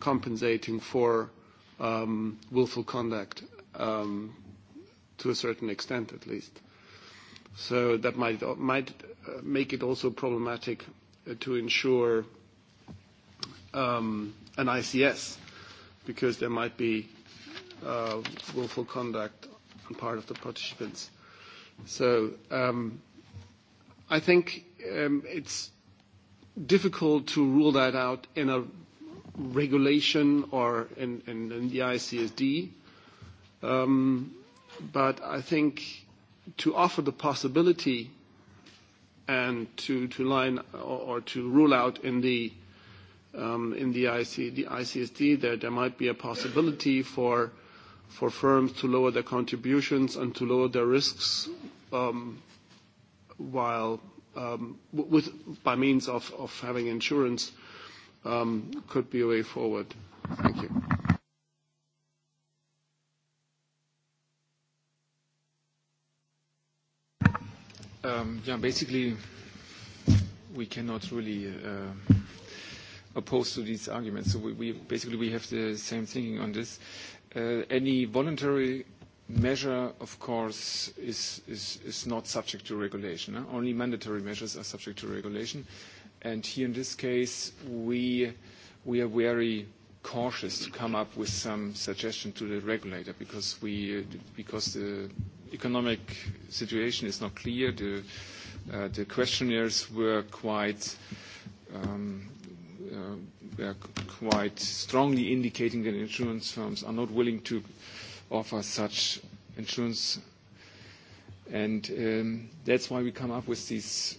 S7: compensating for um, willful conduct um, to a certain extent, at least. So that might, might uh, make it also problematic uh, to ensure um, an ICS because there might be uh, willful conduct on part of the participants. So um, I think um, it's difficult to rule that out in a regulation or in, the ICSD. Um, but I think to offer the possibility and to, to line or, to rule out in the um, in the, IC, the ICSD that there might be a possibility for for firms to lower their contributions and to lower their risks um, while with, by means of, of having insurance Um, could be a way forward. Thank you.
S3: Um, yeah, basically, we cannot really uh, oppose to these arguments. So we, basically we have the same thinking on this. Uh, any voluntary measure, of course, is, not subject to regulation. Only mandatory measures are subject to regulation. And here in this case, we, are very cautious to come up with some suggestion to the regulator because, the economic situation is not clear. The, uh, questionnaires um, uh, were quite, strongly indicating that insurance firms are not willing to offer such insurance. Um, that's why we come up with these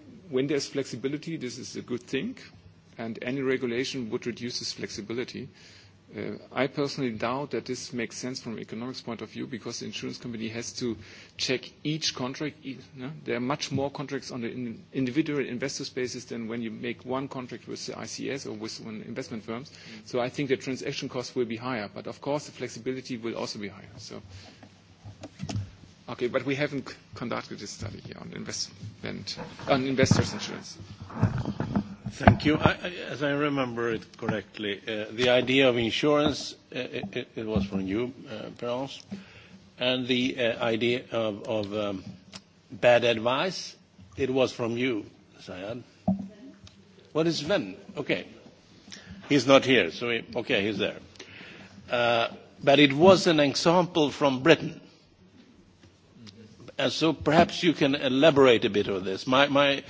S3: When there's flexibility, this is a good thing, and any regulation would reduce this flexibility. Uh, I personally doubt that this makes sense from an economics point of view because the insurance company has to check each contract. E, no? There are much more contracts on the individual investor basis than when you make one contract with the ICS or with one investment firms. Mm. So I think the transaction cost will be higher, but of course, the flexibility will also be higher. Okay, but we haven't conducted this study here on investment,
S1: on investors insurance. Thank you. as I remember it correctly, uh, the idea of insurance, uh, it, was from you, uh, Perrance, and the uh, idea of, um, bad advice, it was from you, Sven. What is Sven? Okay. He's not here, so he, okay, he's there. But it was an example from Britain Uh, perhaps you can elaborate a bit on this. My,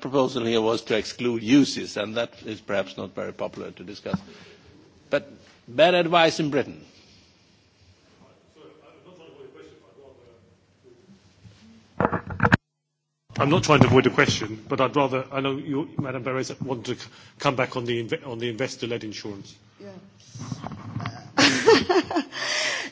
S1: proposal here was to exclude uses, and that is perhaps not very popular to discuss. bad
S4: advice in Britain. I'm not trying to avoid a question, but I'd rather, I know you, Madam Perez, want to come back on the investor-led insurance.
S5: Yeah. Uh,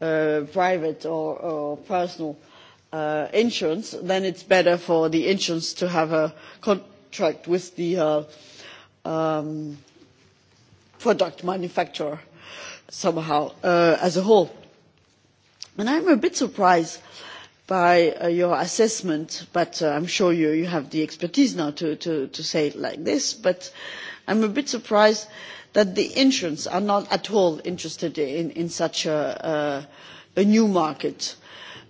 S5: Uh, private or, personal uh, insurance, then it's better for the insurance to have a contract with the uh, um, product manufacturer somehow as a whole. And I'm a bit surprised by your assessment, but i I'm sure you, you have the expertise now to, to, to say it like this, but I'm a bit surprised that the insurers are not at all interested in, in such a, a, a new market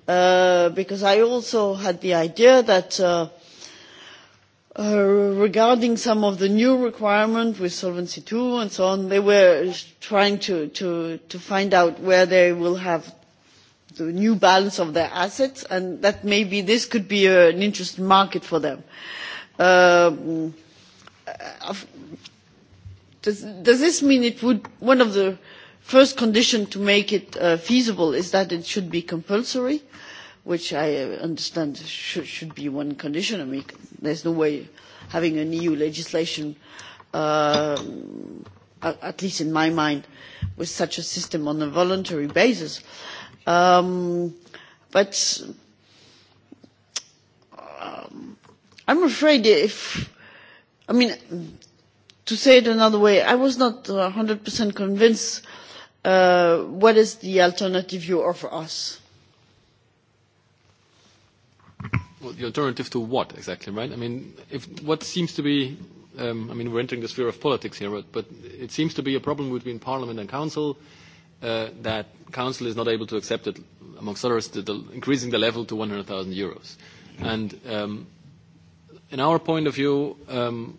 S5: uh, because i also had the idea that uh, uh, regarding some of the new requirements with solvency ii and so on they were trying to, to, to find out where they will have the new balance of their assets and that maybe this could be an interesting market for them. Um, Does, does this mean it would one of the first conditions to make it uh, feasible is that it should be compulsory, which I uh, understand should, should be one condition. I mean, there's no way having an EU legislation, uh, at least in my mind, with such a system on a voluntary basis. Um, but um, I'm afraid if, I mean, to say it another way i was not one uh, hundred convinced uh, what is the alternative you offer us?
S2: Well, the alternative to what exactly, right? I mean, if what seems to be, um, I mean, we're entering the sphere of politics here, but, but it seems to be a problem between Parliament and Council uh, that Council is not able to accept it, amongst others, the, the, increasing the level to 100,000 euros. And um, in our point of view, um,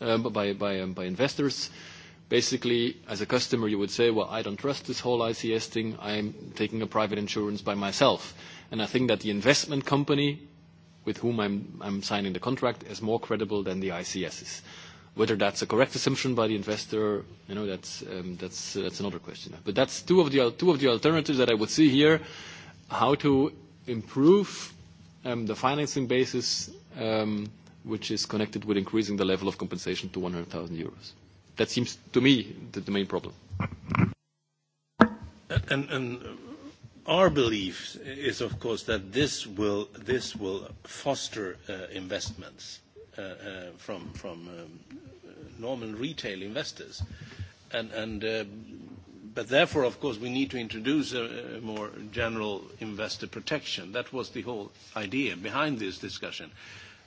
S2: Uh, um, by, investors. Basically, as a customer, you would say, "Well, I don't trust this whole ICS thing. I'm taking a private insurance by myself." And I think that the investment company with whom I'm, signing the contract is more credible than the ICSs. Whether that's a correct assumption by the investor, you know, that's, um, that's, uh, that's another question. But that's two of, the, two of the alternatives that I would see here, how to improve um, the financing basis which is connected with increasing the level of compensation to 100,000 euros. That seems to me the, the main problem.
S1: And, and our belief is, of course, that this will, this will foster uh, investments uh, uh, from, from um, normal retail investors. And, and, uh, but therefore, of course, we need to introduce a, a more general investor protection. That was the whole idea behind this discussion.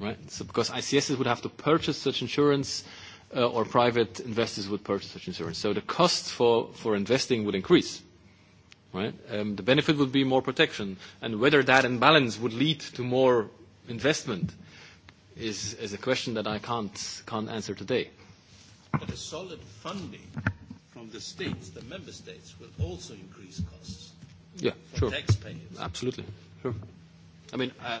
S2: right? So because ICSs would have to purchase such insurance, uh, or private investors would purchase such insurance. So the cost for, investing would increase, right? Um, the benefit would be more protection, and whether that imbalance would lead to more investment is, a question that I can't, answer today.
S1: But a solid funding from the states, the member states, will also increase costs. Yeah, sure. for taxpayers.
S2: Absolutely. Sure. I mean, uh,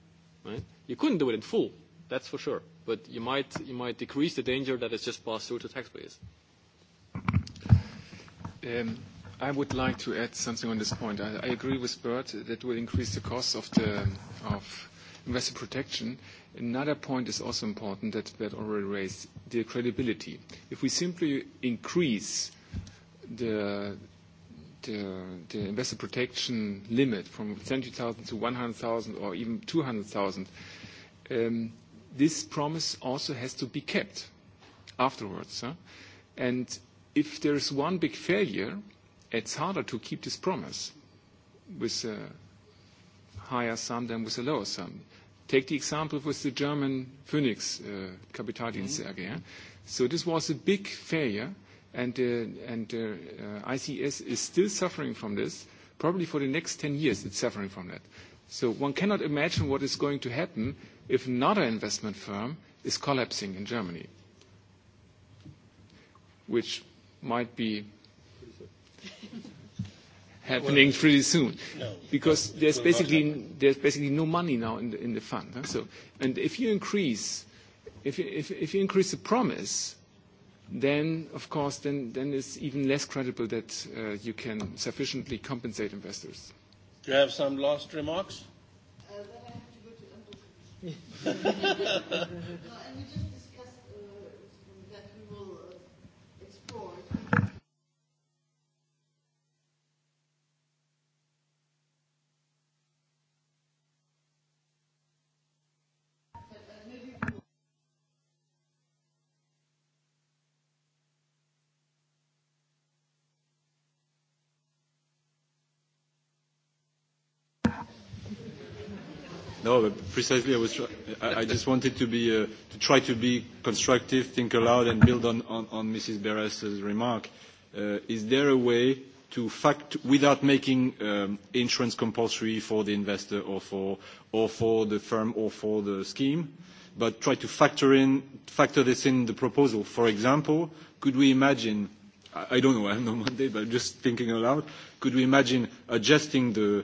S2: Right? You couldn't do it in full, that's for sure, but you might, you might decrease the danger that is just passed through to taxpayers.
S3: Um, I would like to add something on this point. I, I agree with Bert that will increase the cost of, the, of investor protection. Another point is also important that Bert already raised, the credibility. If we simply increase the the, investor protection limit from 70,000 to 100,000 or even 200,000, um, this promise also has to be kept afterwards. And if there is one big failure, it's harder to keep this promise with a higher sum than with a lower sum. Take the example with the German Phoenix uh, mm-hmm. AG. So this was a big failure, and, uh, uh, uh, ICS is still suffering from this. Probably for the next 10 years, it's suffering from that. So one cannot imagine what is going to happen if another investment firm is collapsing in Germany, which might be
S7: happening pretty soon. No,
S3: because there's basically, no money now in the, fund. So, and if you increase the promise, then of course then, then it's even less credible that uh, you can sufficiently compensate investors.
S1: Do you have some last remarks?
S5: Uh, I have to go to
S6: No, but precisely. I was. I, I just wanted to be uh, to try to be constructive, think aloud, and build on on, on Mrs. Beres's remark. Uh, is there a way to fact without making um, insurance compulsory for the investor or for or for the firm or for the scheme, but try to factor in factor this in the proposal? For example, could we imagine? I, I don't know. I have no mandate, but just thinking aloud. Could we imagine adjusting the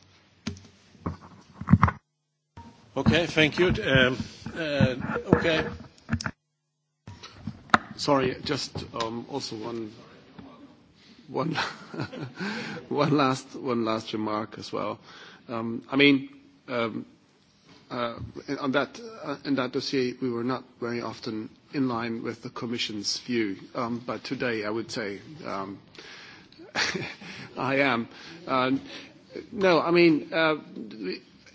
S6: Okay, thank you. Um, uh,
S7: okay. Sorry, just um, also one last remark as well. Um, I mean, uh, on that uh, in that dossier, we were not very often in line with the Commission's view. but today, I would say I am. no, I mean.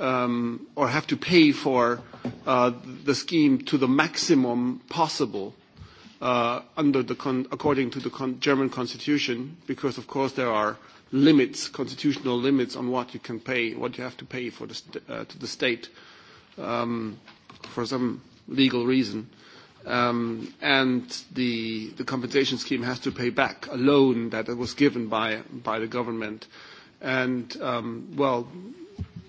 S7: Um, or have to pay for uh, the scheme to the maximum possible uh, under the according to the German constitution, because of course there are limits, constitutional limits on what you can pay, what you have to pay for the uh, to the state um, for some legal reason. Um, and the, the compensation scheme has to pay back a loan that was given by, by the government. And, um, well,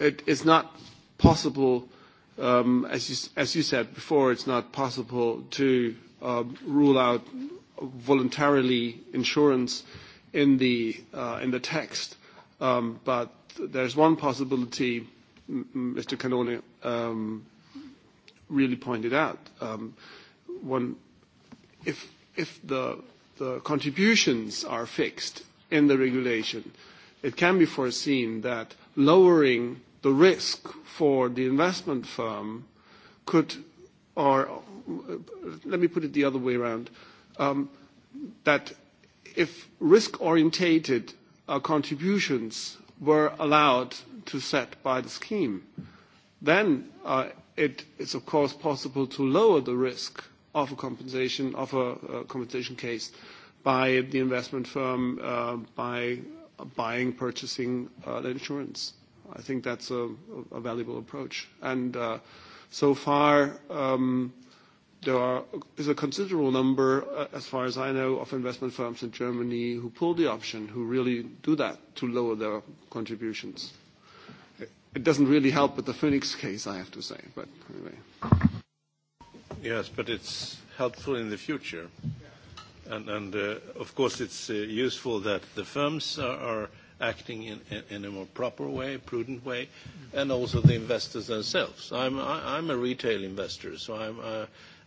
S7: it is not possible, um, as, you, said before, it's not possible to um, rule out voluntarily insurance in the uh, in the text. Um, there's one possibility Mr. Canone really pointed out. one, if if the contributions are fixed in the regulation, it can be foreseen that lowering the risk for the investment firm could, or let me put it the other way around, um, that if risk-orientated uh, contributions were allowed to set by the scheme, then uh, it is of course possible to lower the risk of a compensation of a a compensation case by the investment firm uh, by buying, purchasing uh, the insurance. I think that's a, a valuable approach. And uh, so far, um, there are, is a considerable number, uh, as far as I know, of investment firms in Germany who pull the option, who really do that to lower their contributions. It doesn't really help with the Phoenix case, I have to say, but anyway.
S1: Yes, but it's helpful in the future. And, and uh, of course, it's uh, useful that the firms are, are acting in, in, in a more proper way, prudent way, and also the investors themselves. I'm, I, I'm a retail investor, so I'm, uh,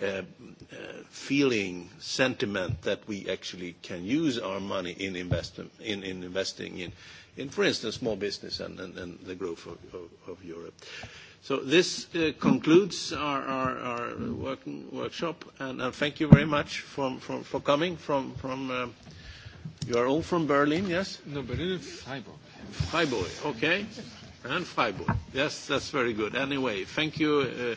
S1: Uh, uh, feeling, sentiment that we actually can use our money in, investing in, for instance, small business and, the growth of, Europe. So this uh, concludes our, working workshop, and, thank you very much for coming from, you are all from Berlin, yes? No, Berlin and Freiburg. Freiburg, okay. And Freiburg. Yes, that's very good. Anyway, thank you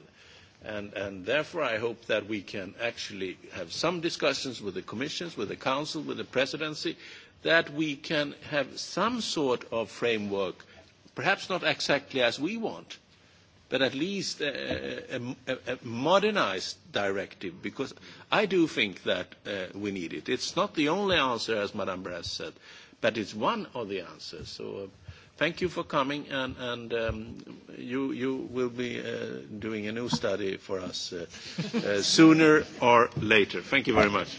S1: And, therefore, I hope that we can actually have some discussions with the commissions, with the council, with the presidency, that we can have some sort of framework, perhaps not exactly as we want, but at least a, a, modernized directive, because I do think that uh, we need it. It's not the only answer, as Madame Brass said, but it's one of the answers. Uh, Thank you for coming, and, um, you, will be uh, doing a new study for us uh, uh, sooner or later. Thank you very much.